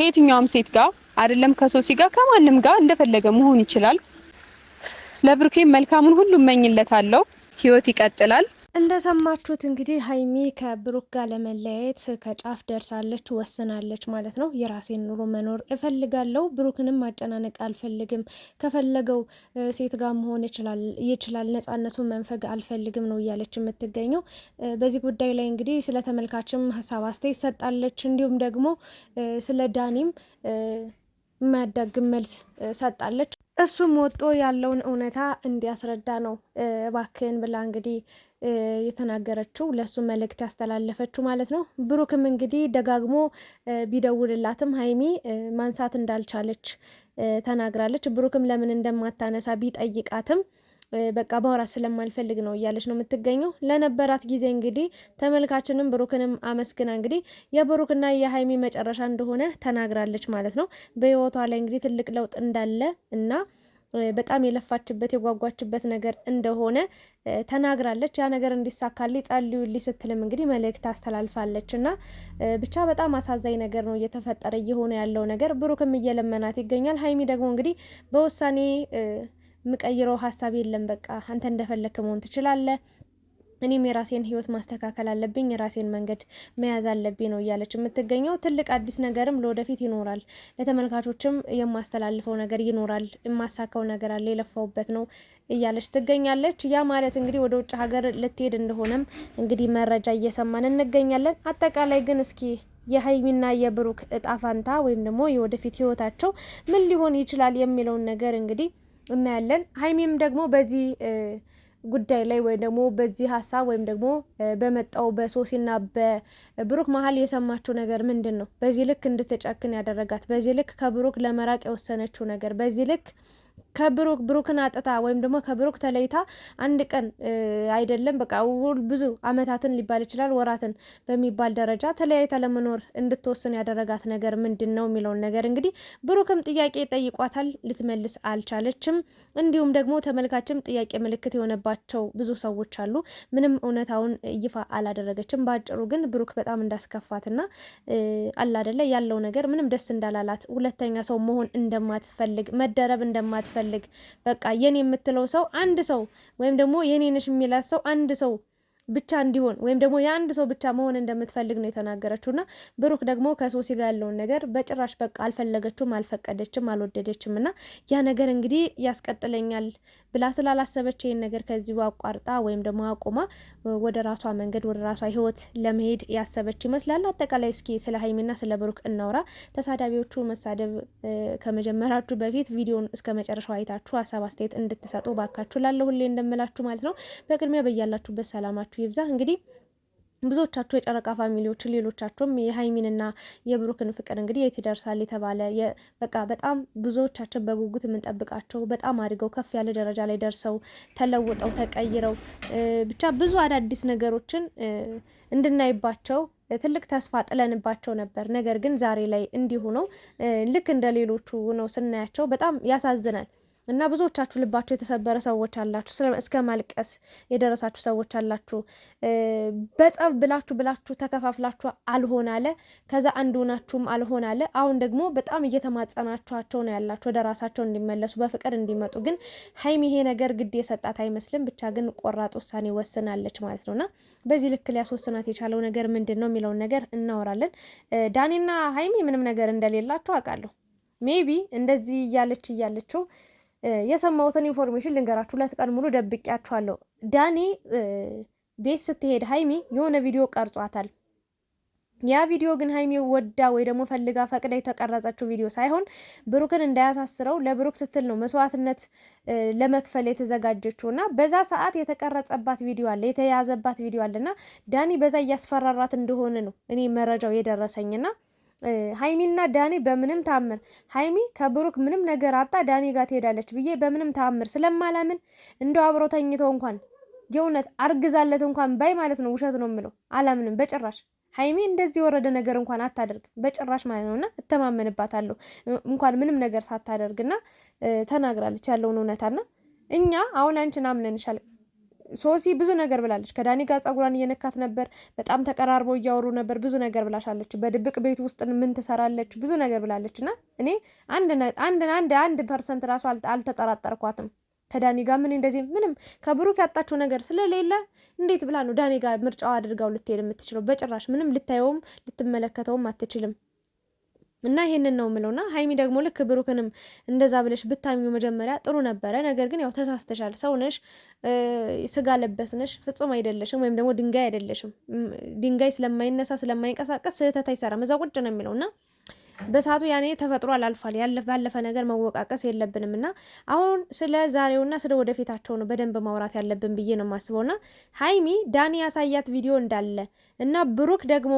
ከየትኛውም ሴት ጋር አይደለም ከሶሲ ጋር ከማንም ጋር እንደፈለገ መሆን ይችላል። ለብሩኬ መልካሙን ሁሉ እመኝለታለሁ። ህይወት ይቀጥላል። እንደሰማችሁት እንግዲህ ሀይሚ ከብሩክ ጋር ለመለያየት ከጫፍ ደርሳለች፣ ወስናለች ማለት ነው። የራሴን ኑሮ መኖር እፈልጋለሁ፣ ብሩክንም ማጨናነቅ አልፈልግም፣ ከፈለገው ሴት ጋር መሆን ይችላል፣ ነጻነቱን መንፈግ አልፈልግም ነው እያለች የምትገኘው። በዚህ ጉዳይ ላይ እንግዲህ ስለ ተመልካችም ሀሳብ አስተያየት ሰጣለች። እንዲሁም ደግሞ ስለ ዳኒም የማያዳግም መልስ ሰጣለች። እሱም ወጦ ያለውን እውነታ እንዲያስረዳ ነው እባክህን ብላ እንግዲህ የተናገረችው ለእሱ መልእክት ያስተላለፈችው ማለት ነው። ብሩክም እንግዲህ ደጋግሞ ቢደውልላትም ሀይሚ ማንሳት እንዳልቻለች ተናግራለች። ብሩክም ለምን እንደማታነሳ ቢጠይቃትም በቃ ባወራ ስለማልፈልግ ነው እያለች ነው የምትገኘው። ለነበራት ጊዜ እንግዲህ ተመልካችንም ብሩክንም አመስግና እንግዲህ የብሩክና የሀይሚ መጨረሻ እንደሆነ ተናግራለች ማለት ነው። በህይወቷ ላይ እንግዲህ ትልቅ ለውጥ እንዳለ እና በጣም የለፋችበት የጓጓችበት ነገር እንደሆነ ተናግራለች። ያ ነገር እንዲሳካልኝ ጸልዩልኝ ስትልም እንግዲህ መልእክት አስተላልፋለች እና ብቻ በጣም አሳዛኝ ነገር ነው እየተፈጠረ እየሆነ ያለው ነገር። ብሩክም እየለመናት ይገኛል። ሀይሚ ደግሞ እንግዲህ በውሳኔ የምቀይረው ሀሳብ የለም። በቃ አንተ እንደፈለክ መሆን ትችላለህ። እኔም የራሴን ህይወት ማስተካከል አለብኝ፣ የራሴን መንገድ መያዝ አለብኝ ነው እያለች የምትገኘው። ትልቅ አዲስ ነገርም ለወደፊት ይኖራል። ለተመልካቾችም የማስተላልፈው ነገር ይኖራል፣ የማሳካው ነገር አለ፣ የለፋውበት ነው እያለች ትገኛለች። ያ ማለት እንግዲህ ወደ ውጭ ሀገር ልትሄድ እንደሆነም እንግዲህ መረጃ እየሰማን እንገኛለን። አጠቃላይ ግን እስኪ የሀይሚና የብሩክ እጣ ፋንታ ወይም ደግሞ የወደፊት ህይወታቸው ምን ሊሆን ይችላል የሚለውን ነገር እንግዲህ እናያለን። ሀይሚም ደግሞ በዚህ ጉዳይ ላይ ወይም ደግሞ በዚህ ሀሳብ ወይም ደግሞ በመጣው በሶሲና በብሩክ መሀል የሰማችው ነገር ምንድን ነው? በዚህ ልክ እንድትጨክን ያደረጋት፣ በዚህ ልክ ከብሩክ ለመራቅ የወሰነችው ነገር፣ በዚህ ልክ ከብሩክ ብሩክን አጥታ ወይም ደግሞ ከብሩክ ተለይታ አንድ ቀን አይደለም በቃ ብዙ አመታትን ሊባል ይችላል ወራትን በሚባል ደረጃ ተለያይታ ለመኖር እንድትወስን ያደረጋት ነገር ምንድን ነው የሚለውን ነገር እንግዲህ ብሩክም ጥያቄ ጠይቋታል፣ ልትመልስ አልቻለችም። እንዲሁም ደግሞ ተመልካችም ጥያቄ ምልክት የሆነባቸው ብዙ ሰዎች አሉ። ምንም እውነታውን ይፋ አላደረገችም። በአጭሩ ግን ብሩክ በጣም እንዳስከፋትና አላደለ ያለው ነገር ምንም ደስ እንዳላላት ሁለተኛ ሰው መሆን እንደማትፈልግ መደረብ እንደማትፈልግ ስለምፈልግ በቃ የኔ የምትለው ሰው አንድ ሰው ወይም ደግሞ የኔ ነሽ የሚላት ሰው አንድ ሰው ብቻ እንዲሆን ወይም ደግሞ የአንድ ሰው ብቻ መሆን እንደምትፈልግ ነው የተናገረችው። እና ብሩክ ደግሞ ከሶሲ ጋር ያለውን ነገር በጭራሽ በቃ አልፈለገችም፣ አልፈቀደችም፣ አልወደደችም። እና ያ ነገር እንግዲህ ያስቀጥለኛል ብላ ስላላሰበች ይህን ነገር ከዚሁ አቋርጣ ወይም ደግሞ አቁማ ወደ ራሷ መንገድ ወደ ራሷ ህይወት ለመሄድ ያሰበች ይመስላል። አጠቃላይ እስኪ ስለ ሀይሚና ስለ ብሩክ እናውራ። ተሳዳቢዎቹ መሳደብ ከመጀመራችሁ በፊት ቪዲዮን እስከ መጨረሻው አይታችሁ ሀሳብ አስተያየት እንድትሰጡ ባካችሁ ላለሁ ሁሌ እንደምላችሁ ማለት ነው። በቅድሚያ በያላችሁበት ሰላማችሁ ይብዛ። እንግዲህ ብዙዎቻችሁ የጨረቃ ፋሚሊዎች ሌሎቻችሁም የሀይሚንና የብሩክን ፍቅር እንግዲህ የት ይደርሳል የተባለ በቃ በጣም ብዙዎቻችን በጉጉት የምንጠብቃቸው በጣም አድገው ከፍ ያለ ደረጃ ላይ ደርሰው ተለውጠው ተቀይረው ብቻ ብዙ አዳዲስ ነገሮችን እንድናይባቸው ትልቅ ተስፋ ጥለንባቸው ነበር። ነገር ግን ዛሬ ላይ እንዲሁ ነው። ልክ እንደ ሌሎቹ ነው ስናያቸው፣ በጣም ያሳዝናል። እና ብዙዎቻችሁ ልባችሁ የተሰበረ ሰዎች አላችሁ፣ እስከ ማልቀስ የደረሳችሁ ሰዎች አላችሁ። በጸብ ብላችሁ ብላችሁ ተከፋፍላችሁ አልሆን አለ፣ ከዛ አንድ ሆናችሁም አልሆን አለ። አሁን ደግሞ በጣም እየተማጸናችኋቸው ነው ያላችሁ ወደ ራሳቸው እንዲመለሱ በፍቅር እንዲመጡ። ግን ሀይሚ ይሄ ነገር ግድ የሰጣት አይመስልም። ብቻ ግን ቆራጥ ውሳኔ ወስናለች ማለት ነውና በዚህ ልክ ሊያስወስናት የቻለው ነገር ምንድን ነው የሚለውን ነገር እናወራለን። ዳኒና ሀይሚ ምንም ነገር እንደሌላቸው አውቃለሁ። ሜቢ እንደዚህ እያለች እያለችው የሰማሁትን ኢንፎርሜሽን ልንገራችሁ። ሁለት ቀን ሙሉ ደብቄያችኋለሁ። ዳኒ ቤት ስትሄድ ሀይሚ የሆነ ቪዲዮ ቀርጿታል። ያ ቪዲዮ ግን ሀይሚ ወዳ ወይ ደግሞ ፈልጋ ፈቅዳ የተቀረጸችው ቪዲዮ ሳይሆን ብሩክን እንዳያሳስረው ለብሩክ ስትል ነው መስዋዕትነት ለመክፈል የተዘጋጀችው እና በዛ ሰዓት የተቀረጸባት ቪዲዮ አለ፣ የተያዘባት ቪዲዮ አለ እና ዳኒ በዛ እያስፈራራት እንደሆነ ነው እኔ መረጃው የደረሰኝና ሀይሚና ዳኒ በምንም ታምር ሀይሚ ከብሩክ ምንም ነገር አጣ ዳኒ ጋር ትሄዳለች ብዬ በምንም ታምር ስለማላምን እንደው አብሮ ተኝቶ እንኳን የእውነት አርግዛለት እንኳን ባይ ማለት ነው ውሸት ነው የምለው፣ አላምንም በጭራሽ። ሀይሚ እንደዚህ የወረደ ነገር እንኳን አታደርግ በጭራሽ ማለት ነውና እተማመንባታለሁ። እንኳን ምንም ነገር ሳታደርግና ተናግራለች ያለውን እውነታና እኛ አሁን አንቺን አምነንሻል ሶሲ ብዙ ነገር ብላለች። ከዳኒ ጋር ጸጉሯን እየነካት ነበር። በጣም ተቀራርበው እያወሩ ነበር። ብዙ ነገር ብላሻለች። በድብቅ ቤት ውስጥ ምን ትሰራለች? ብዙ ነገር ብላለች። እና እኔ አንድ አንድ አንድ ፐርሰንት ራሱ አልተጠራጠርኳትም። ከዳኒ ጋር ምን እንደዚህ ምንም ከብሩክ ያጣችው ነገር ስለሌለ እንዴት ብላ ነው ዳኒ ጋር ምርጫው አድርጋው ልትሄድ የምትችለው? በጭራሽ ምንም ልታየውም ልትመለከተውም አትችልም። እና ይሄንን ነው ና ሀይሚ ደግሞ ልክ ብሩክንም እንደዛ ብለሽ ብታሚው መጀመሪያ ጥሩ ነበረ። ነገር ግን ያው ተሳስተሻል። ሰው ነሽ፣ ስጋ ለበስ ነሽ፣ ፍጹም አይደለሽም፣ ወይም ደግሞ ድንጋይ አይደለሽም። ድንጋይ ስለማይነሳ ስለማይንቀሳቀስ ስህተት አይሰራም። እዛ ቁጭ ነው የሚለውና በሰዓቱ ያኔ ተፈጥሮ አልፏል። ባለፈ ነገር መወቃቀስ የለብንም እና አሁን ስለ ዛሬውና ስለ ወደፊታቸው ነው በደንብ ማውራት ያለብን ብዬ ነው የማስበውና ሀይሚ ዳኒ ያሳያት ቪዲዮ እንዳለ እና ብሩክ ደግሞ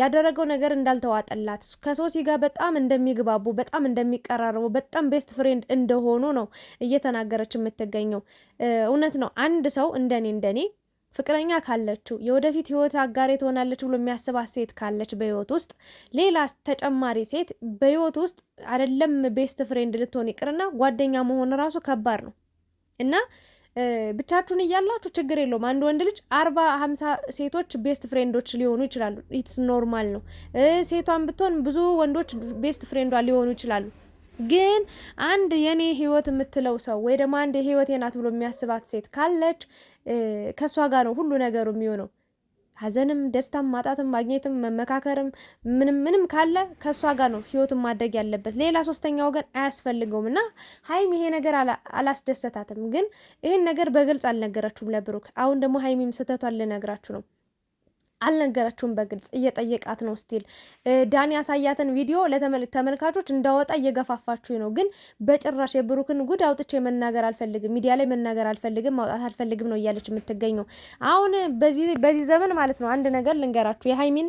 ያደረገው ነገር እንዳልተዋጠላት ከሶሲ ጋር በጣም እንደሚግባቡ በጣም እንደሚቀራረቡ በጣም ቤስት ፍሬንድ እንደሆኑ ነው እየተናገረች የምትገኘው። እውነት ነው። አንድ ሰው እንደኔ እንደኔ ፍቅረኛ ካለችው የወደፊት ህይወት አጋሬ ትሆናለች ብሎ የሚያስባት ሴት ካለች በህይወት ውስጥ ሌላ ተጨማሪ ሴት በህይወት ውስጥ አይደለም ቤስት ፍሬንድ ልትሆን ይቅርና ጓደኛ መሆን ራሱ ከባድ ነው እና ብቻችሁን እያላችሁ ችግር የለውም። አንድ ወንድ ልጅ አርባ ሀምሳ ሴቶች ቤስት ፍሬንዶች ሊሆኑ ይችላሉ። ኢትስ ኖርማል ነው። ሴቷን ብትሆን ብዙ ወንዶች ቤስት ፍሬንዷ ሊሆኑ ይችላሉ። ግን አንድ የኔ ህይወት የምትለው ሰው ወይ ደግሞ አንድ የህይወቴ ናት ብሎ የሚያስባት ሴት ካለች ከእሷ ጋር ነው ሁሉ ነገሩ የሚሆነው። ሐዘንም ደስታም ማጣትም ማግኘትም መመካከርም ምንም ምንም ካለ ከእሷ ጋር ነው ህይወትን ማድረግ ያለበት። ሌላ ሶስተኛ ወገን አያስፈልገውም። እና ሀይም ይሄ ነገር አላስደሰታትም፣ ግን ይህን ነገር በግልጽ አልነገረችውም ለብሩክ። አሁን ደግሞ ሀይሚም ስህተቷን ልነግራችሁ ነው። አልነገረችውም በግልጽ እየጠየቃት ነው። ስቲል ዳኒ ያሳያትን ቪዲዮ ለተመልካቾች እንዳወጣ እየገፋፋችሁ ነው፣ ግን በጭራሽ የብሩክን ጉድ አውጥቼ መናገር አልፈልግም፣ ሚዲያ ላይ መናገር አልፈልግም፣ ማውጣት አልፈልግም ነው እያለች የምትገኘው አሁን በዚህ ዘመን ማለት ነው። አንድ ነገር ልንገራችሁ የሀይሚን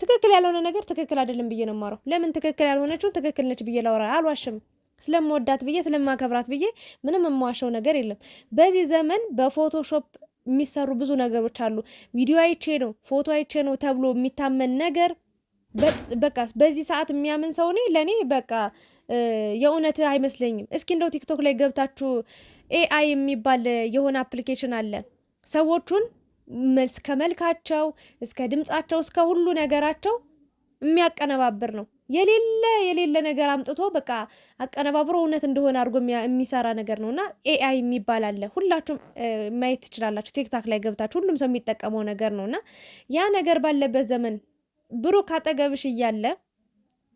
ትክክል ያልሆነ ነገር ትክክል አይደለም ብዬ ነው ማረው ለምን ትክክል ያልሆነችው ትክክል ነች ብዬ ላወራ አልዋሽም። ስለምወዳት ብዬ ስለማከብራት ብዬ ምንም የማዋሸው ነገር የለም። በዚህ ዘመን በፎቶሾፕ የሚሰሩ ብዙ ነገሮች አሉ። ቪዲዮ አይቼ ነው ፎቶ አይቼ ነው ተብሎ የሚታመን ነገር በቃ በዚህ ሰዓት የሚያምን ሰው እኔ ለእኔ በቃ የእውነት አይመስለኝም። እስኪ እንደው ቲክቶክ ላይ ገብታችሁ ኤአይ የሚባል የሆነ አፕሊኬሽን አለ ሰዎቹን እስከ መልካቸው እስከ ድምጻቸው እስከ ሁሉ ነገራቸው የሚያቀነባብር ነው። የሌለ የሌለ ነገር አምጥቶ በቃ አቀነባብሮ እውነት እንደሆነ አድርጎ የሚሰራ ነገር ነው እና ኤአይ የሚባል አለ። ሁላችሁም ማየት ትችላላችሁ። ቲክታክ ላይ ገብታችሁ ሁሉም ሰው የሚጠቀመው ነገር ነው እና ያ ነገር ባለበት ዘመን ብሩክ አጠገብሽ እያለ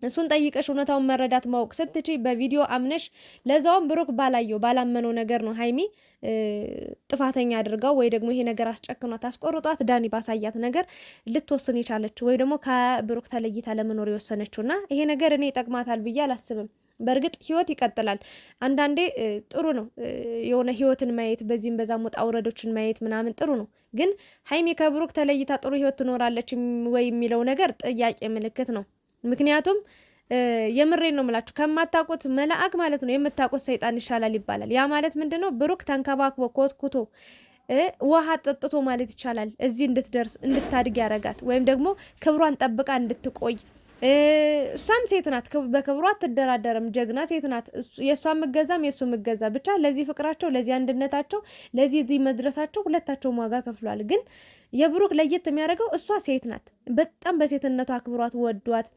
እሱን ጠይቀሽ እውነታውን መረዳት ማወቅ ስትች በቪዲዮ አምነሽ ለዛውም ብሩክ ባላየው ባላመነው ነገር ነው ሀይሚ ጥፋተኛ አድርገው ወይ ደግሞ ይሄ ነገር አስጨክኗት አስቆርጧት ዳኒ ባሳያት ነገር ልትወስን የቻለችው ወይ ደግሞ ከብሩክ ተለይታ ለመኖር የወሰነችው እና ይሄ ነገር እኔ ይጠቅማታል ብዬ አላስብም። በእርግጥ ህይወት ይቀጥላል። አንዳንዴ ጥሩ ነው የሆነ ህይወትን ማየት በዚህም በዛም ወጣ ውረዶችን ማየት ምናምን ጥሩ ነው። ግን ሀይሚ ከብሩክ ተለይታ ጥሩ ህይወት ትኖራለች ወይ የሚለው ነገር ጥያቄ ምልክት ነው። ምክንያቱም የምሬ ነው የምላችሁ ከማታውቁት መልአክ ማለት ነው የምታውቁት ሰይጣን ይሻላል ይባላል። ያ ማለት ምንድን ነው? ብሩክ ተንከባክቦ ኮትኩቶ ውሃ ጠጥቶ ማለት ይቻላል እዚህ እንድትደርስ እንድታድግ ያረጋት ወይም ደግሞ ክብሯን ጠብቃ እንድትቆይ እሷም ሴት ናት፣ በክብሯ አትደራደርም። ጀግና ሴት ናት። የእሷ ምገዛም የእሱ ምገዛ ብቻ ለዚህ ፍቅራቸው፣ ለዚህ አንድነታቸው፣ ለዚህ እዚህ መድረሳቸው ሁለታቸውም ዋጋ ከፍሏል። ግን የብሩክ ለየት የሚያደርገው እሷ ሴት ናት። በጣም በሴትነቷ አክብሯት፣ ወዷት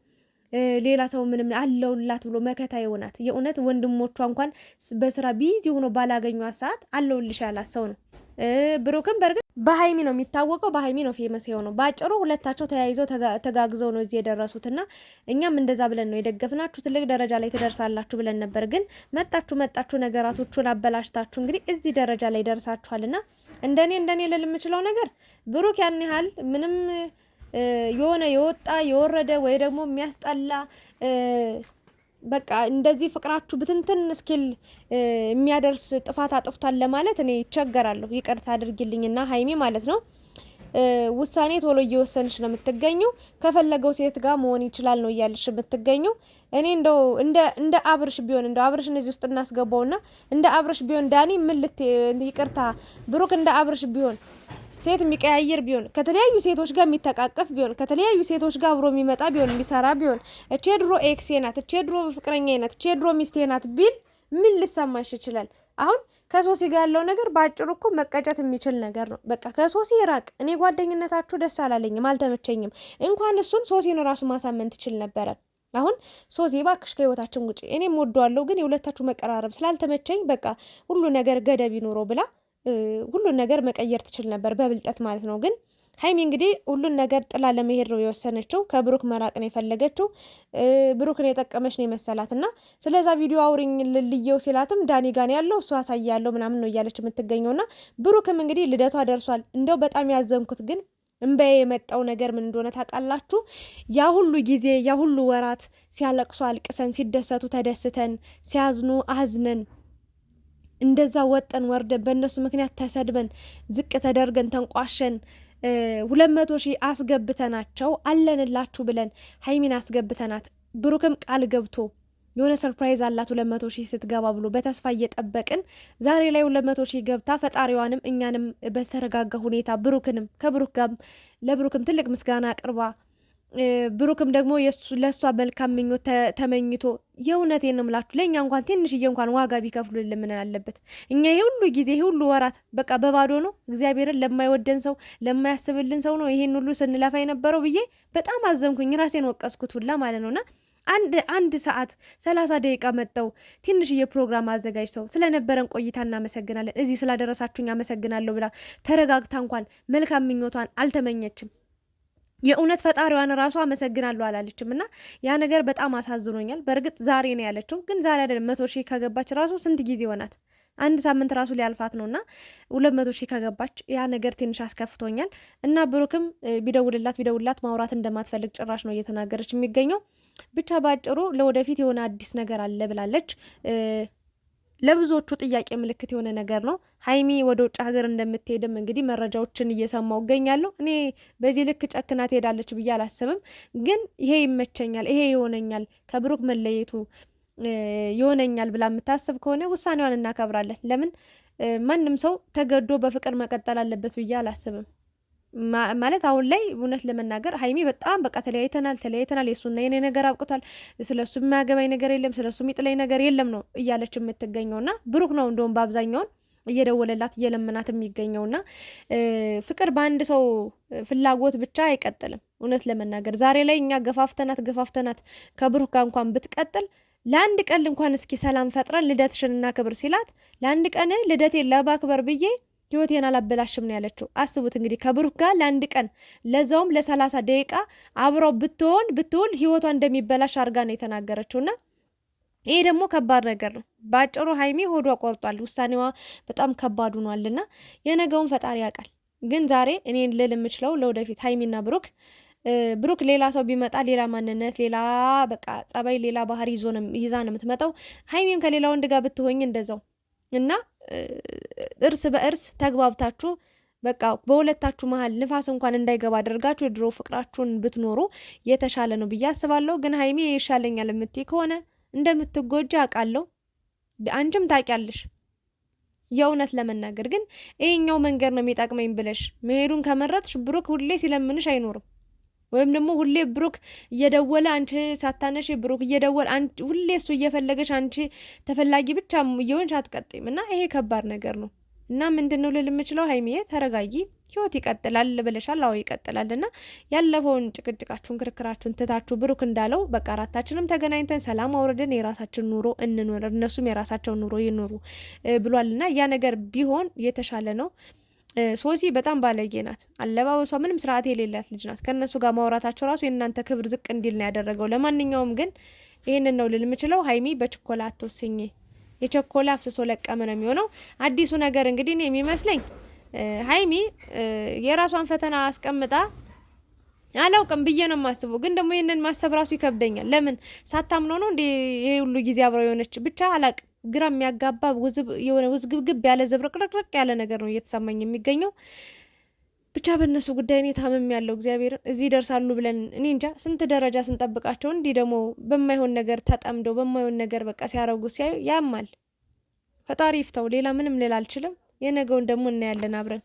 ሌላ ሰው ምንም አለውላት ብሎ መከታ የሆናት የእውነት ወንድሞቿ እንኳን በስራ ቢዚ ሆኖ ባላገኟት ሰዓት አለውልሽ ያላት ሰው ነው። ብሩክም በእርግጥ በሀይሚ ነው የሚታወቀው፣ በሀይሚ ነው ፌመስ የሆነው። በአጭሩ ሁለታቸው ተያይዘው ተጋግዘው ነው እዚህ የደረሱትና እኛም እንደዛ ብለን ነው የደገፍናችሁ። ትልቅ ደረጃ ላይ ትደርሳላችሁ ብለን ነበር፣ ግን መጣችሁ መጣችሁ ነገራቶቹን አበላሽታችሁ እንግዲህ እዚህ ደረጃ ላይ ደርሳችኋልና እንደኔ እንደኔ ልል የምችለው ነገር ብሩክ ያን ያህል ምንም የሆነ የወጣ የወረደ ወይ ደግሞ የሚያስጠላ በቃ እንደዚህ ፍቅራችሁ ብትንትን እስኪል የሚያደርስ ጥፋት አጥፍቷል ለማለት እኔ ይቸገራለሁ። ይቅርታ አድርጊልኝና ሀይሚ ማለት ነው። ውሳኔ ቶሎ እየወሰንሽ ነው የምትገኘው። ከፈለገው ሴት ጋር መሆን ይችላል ነው እያልሽ የምትገኘው። እኔ እንደው እንደ አብርሽ ቢሆን እንደ አብርሽ እነዚህ ውስጥ እናስገባውና እንደ አብርሽ ቢሆን ዳኒ ምን ልት ይቅርታ ብሩክ እንደ አብርሽ ቢሆን ሴት የሚቀያየር ቢሆን ከተለያዩ ሴቶች ጋር የሚተቃቀፍ ቢሆን ከተለያዩ ሴቶች ጋር አብሮ የሚመጣ ቢሆን የሚሰራ ቢሆን እቼ ድሮ ኤክሴ ናት፣ እቼ ድሮ ፍቅረኛ ናት፣ እቼ ድሮ ሚስቴ ናት ቢል ምን ልሰማሽ ይችላል? አሁን ከሶሲ ጋር ያለው ነገር በአጭሩ እኮ መቀጨት የሚችል ነገር ነው። በቃ ከሶሲ ራቅ። እኔ ጓደኝነታችሁ ደስ አላለኝም፣ አልተመቸኝም። እንኳን እሱን ሶሲን ራሱ ማሳመን ትችል ነበረ። አሁን ሶሲ እባክሽ ከህይወታችን ውጭ እኔም ወደዋለሁ፣ ግን የሁለታችሁ መቀራረብ ስላልተመቸኝ በቃ ሁሉ ነገር ገደብ ይኖረው ብላ ሁሉን ነገር መቀየር ትችል ነበር በብልጠት ማለት ነው። ግን ሀይሚ እንግዲህ ሁሉን ነገር ጥላ ለመሄድ ነው የወሰነችው። ከብሩክ መራቅ ነው የፈለገችው። ብሩክን የጠቀመች ነው የመሰላት እና ስለዛ ቪዲዮ አውሪኝ ልልየው ሲላትም ዳኒ ጋን ያለው እሱ አሳያለሁ ምናምን ነው እያለች የምትገኘው እና ብሩክም እንግዲህ ልደቷ ደርሷል። እንደው በጣም ያዘንኩት ግን እምባዬ የመጣው ነገር ምን እንደሆነ ታውቃላችሁ? ያ ሁሉ ጊዜ ያ ሁሉ ወራት ሲያለቅሱ አልቅሰን፣ ሲደሰቱ ተደስተን፣ ሲያዝኑ አዝነን እንደዛ ወጠን ወርደን በእነሱ ምክንያት ተሰድበን ዝቅ ተደርገን ተንቋሸን ሁለት መቶ ሺህ አስገብተናቸው አለንላችሁ ብለን ሀይሚን አስገብተናት ብሩክም ቃል ገብቶ የሆነ ሰርፕራይዝ አላት ሁለት መቶ ሺህ ስትገባ ብሎ በተስፋ እየጠበቅን ዛሬ ላይ ሁለት መቶ ሺህ ገብታ ፈጣሪዋንም እኛንም በተረጋጋ ሁኔታ ብሩክንም ከብሩክ ጋር ለብሩክም ትልቅ ምስጋና አቅርባ ብሩክም ደግሞ ለእሷ መልካም ምኞት ተመኝቶ የእውነት ነው የምላችሁ ለእኛ እንኳን ትንሽዬ እንኳን ዋጋ ቢከፍሉ ምን አለበት? እኛ ይህ ሁሉ ጊዜ ይህ ሁሉ ወራት በቃ በባዶ ነው እግዚአብሔርን ለማይወደን ሰው ለማያስብልን ሰው ነው ይሄን ሁሉ ስንለፋ የነበረው ብዬ በጣም አዘንኩኝ። ራሴን ወቀስኩት ሁላ ማለት ነውና አንድ አንድ ሰዓት ሰላሳ ደቂቃ መጠው ትንሽዬ ፕሮግራም አዘጋጅ ሰው ስለነበረን ቆይታ እናመሰግናለን። እዚህ ስላደረሳችሁኝ አመሰግናለሁ ብላ ተረጋግታ እንኳን መልካም ምኞቷን አልተመኘችም። የእውነት ፈጣሪዋን ራሱ አመሰግናለሁ አላለችም እና ያ ነገር በጣም አሳዝኖኛል። በእርግጥ ዛሬ ነው ያለችው፣ ግን ዛሬ አይደለም። መቶ ሺህ ከገባች ራሱ ስንት ጊዜ ሆናት? አንድ ሳምንት ራሱ ሊያልፋት ነው እና ሁለት መቶ ሺህ ከገባች ያ ነገር ትንሽ አስከፍቶኛል። እና ብሩክም ቢደውልላት ቢደውልላት ማውራት እንደማትፈልግ ጭራሽ ነው እየተናገረች የሚገኘው። ብቻ በአጭሩ ለወደፊት የሆነ አዲስ ነገር አለ ብላለች። ለብዙዎቹ ጥያቄ ምልክት የሆነ ነገር ነው። ሀይሚ ወደ ውጭ ሀገር እንደምትሄድም እንግዲህ መረጃዎችን እየሰማው እገኛለሁ። እኔ በዚህ ልክ ጨክና ትሄዳለች ብዬ አላስብም። ግን ይሄ ይመቸኛል፣ ይሄ ይሆነኛል፣ ከብሩክ መለየቱ ይሆነኛል ብላ የምታስብ ከሆነ ውሳኔዋን እናከብራለን። ለምን ማንም ሰው ተገዶ በፍቅር መቀጠል አለበት ብዬ አላስብም። ማለት አሁን ላይ እውነት ለመናገር ሀይሚ በጣም በቃ ተለያይተናል ተለያይተናል፣ የእሱና የኔ ነገር አብቅቷል፣ ስለሱ የሚያገባኝ ነገር የለም፣ እሱ የሚጥለኝ ነገር የለም ነው እያለች የምትገኘውና ብሩክ ነው እንደውም በአብዛኛውን እየደወለላት እየለመናት የሚገኘውና ፍቅር በአንድ ሰው ፍላጎት ብቻ አይቀጥልም። እውነት ለመናገር ዛሬ ላይ እኛ ገፋፍተናት ገፋፍተናት ከብሩክ ጋር እንኳን ብትቀጥል ለአንድ ቀን እንኳን እስኪ ሰላም ፈጥረን ልደትሽን እናክብር ሲላት ለአንድ ቀን ልደቴ ለማክበር ብዬ ህይወቴን አላበላሽም ነው ያለችው። አስቡት እንግዲህ ከብሩክ ጋር ለአንድ ቀን ለዛውም ለሰላሳ ደቂቃ አብረው ብትሆን ብትውል ህይወቷ እንደሚበላሽ አድርጋ ነው የተናገረችውና ይሄ ደግሞ ከባድ ነገር ነው። በአጭሩ ሀይሚ ሆዷ ቆርጧል። ውሳኔዋ በጣም ከባድ ሆኗልና የነገውን ፈጣሪ ያውቃል። ግን ዛሬ እኔን ልል የምችለው ለወደፊት ሀይሚና ብሩክ ብሩክ ሌላ ሰው ቢመጣ ሌላ ማንነት፣ ሌላ በቃ ጸባይ፣ ሌላ ባህሪ ይዛ ነው የምትመጣው። ሀይሚም ከሌላ ወንድ ጋር ብትሆኝ እንደዛው እና እርስ በእርስ ተግባብታችሁ በቃ በሁለታችሁ መሀል ንፋስ እንኳን እንዳይገባ አድርጋችሁ የድሮ ፍቅራችሁን ብትኖሩ የተሻለ ነው ብዬ አስባለሁ። ግን ሀይሚ ይሻለኛል የምትይ ከሆነ እንደምትጎጂ አውቃለሁ፣ አንቺም ታውቂያለሽ። የእውነት ለመናገር ግን ይሄኛው መንገድ ነው የሚጠቅመኝ ብለሽ መሄዱን ከመረጥሽ ብሩክ ሁሌ ሲለምንሽ አይኖርም። ወይም ደግሞ ሁሌ ብሩክ እየደወለ አንቺ ሳታነሽ ብሩክ እየደወለ ሁሌ እሱ እየፈለገሽ አንቺ ተፈላጊ ብቻ እየሆንሽ አትቀጥም እና ይሄ ከባድ ነገር ነው። እና ምንድን ነው ልል የምችለው ሀይሚዬ ተረጋጊ፣ ህይወት ይቀጥላል ብለሻል። አዎ ይቀጥላል። እና ያለፈውን ጭቅጭቃችሁን፣ ክርክራችሁን ትታችሁ ብሩክ እንዳለው በቃ አራታችንም ተገናኝተን ሰላም አውርደን የራሳችን ኑሮ እንኖር እነሱም የራሳቸውን ኑሮ ይኖሩ ብሏል። እና ያ ነገር ቢሆን የተሻለ ነው። ሶሲ በጣም ባለጌ ናት። አለባበሷ ምንም ስርዓት የሌላት ልጅ ናት። ከእነሱ ጋር ማውራታቸው ራሱ የእናንተ ክብር ዝቅ እንዲል ነው ያደረገው። ለማንኛውም ግን ይህንን ነው ልል የምችለው። ሀይሚ በችኮላ አትወስኝ። የቸኮላ አፍስሶ ለቀመ ነው የሚሆነው። አዲሱ ነገር እንግዲህ እኔ የሚመስለኝ ሀይሚ የራሷን ፈተና አስቀምጣ አላውቅም ብዬ ነው የማስበው። ግን ደግሞ ይህንን ማሰብ ራሱ ይከብደኛል። ለምን ሳታምነው ነው እንዴ ይሄ ሁሉ ጊዜ አብረው የሆነች ብቻ አላቅም። ግራ የሚያጋባ የሆነ ውዝግብግብ ያለ ዝብርቅርቅርቅ ያለ ነገር ነው እየተሰማኝ የሚገኘው። ብቻ በእነሱ ጉዳይ እኔ ታምም ያለው እግዚአብሔር እዚህ ይደርሳሉ ብለን እኔ እንጃ ስንት ደረጃ ስንጠብቃቸው እንዲህ ደግሞ በማይሆን ነገር ተጠምደው በማይሆን ነገር በቃ ሲያረጉ ሲያዩ ያማል። ፈጣሪ ይፍተው። ሌላ ምንም ልል አልችልም። የነገውን ደግሞ እናያለን አብረን